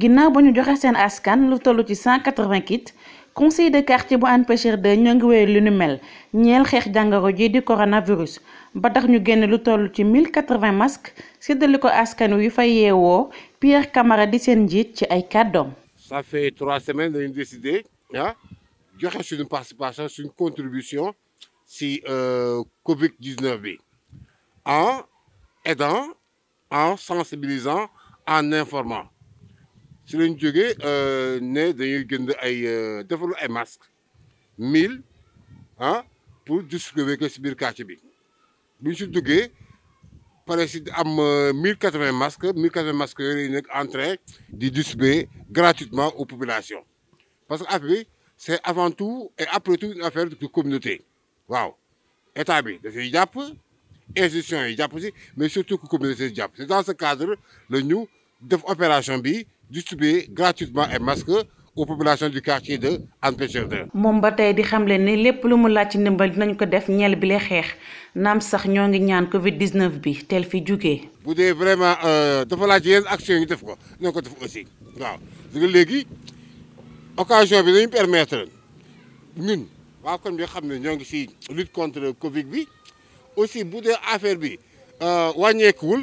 ginnaw ba ñu joxe seen askan lu tollu ci 180 kits conseil de quartier bu an Pêcheur de ñoo ngi wéy lu ñu mel ñeel xex jangaro ji di coronavirus ba tax ñu génn lu tollu ci 1080 masques séddale ko askan wi fa yéwo Pierre Camara di sen jitt ci ay ça fait trois semaines dañu décidé ya ah, joxe suñu participation suñu contribution si euh, Covid 19 en aidant en sensibilisant en informant si nous jógee nous dañuy gënd euh, masques 1000 hein, pour distribuer le si biir quartier bi bu ñu 1080 euh, masques 1080 masques en train de distribuer gratuitement aux populations parce que c'est avant tout et après tout une affaire de communauté Waouh, état bi c'est jàpp institution yi aussi, mais surtout communauté C'est c'est dans ce cadre que nous def opération bi distribuer gratuitement un masque aux populations du quartier de Hann Mon moom ba di xamlé né lépp lu mu lacc ndimbal dinañ ko def ñël bi lé xéx. Nam sax ñoo ñaan Covid 19 bi tel fi juggé. bu vraiment vraiment euh, dafa laaj yenn action ñu def ko dinañ ko def aussi waaw parce légui occasion bi dañu permettre ñun waa kon bi xamné ñoo ngi lutte contre Covid bi aussi Boudé affaire bi euh, koul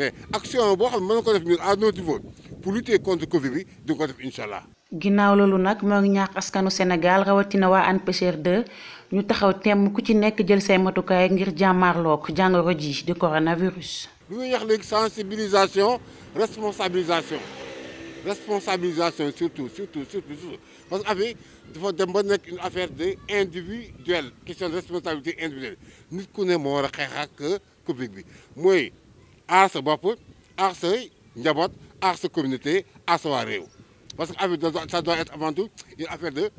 mais action bo xam man ko def à notre niveau pour lutter contre Covid bi de ko def inshallah ginaaw lolu nak mo ngi ñaax askanu Sénégal rawatina waa ANPECHR 2 ñu taxaw tém ku ci nekk jël say matukaay ngir jàmmaarloog jàngoro ji coronavirus. lu ñuy wax sensibilisation responsabilisation responsabilisation surtout surtout surtout surtout parce que affaire dafa dem ba une affaire de question de responsabilité individuelle nit connaissons ne moo war a ak Covid bi Arce Bop, Arce Njabot, Arce communauté Arce Areo. parce que ça doit être avant tout une affaire de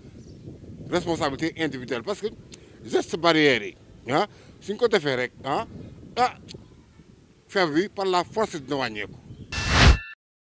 responsabilité individuelle parce que geste barrière si on ah, suñ faire, defee rek ah, ah par la force de wàññeeku.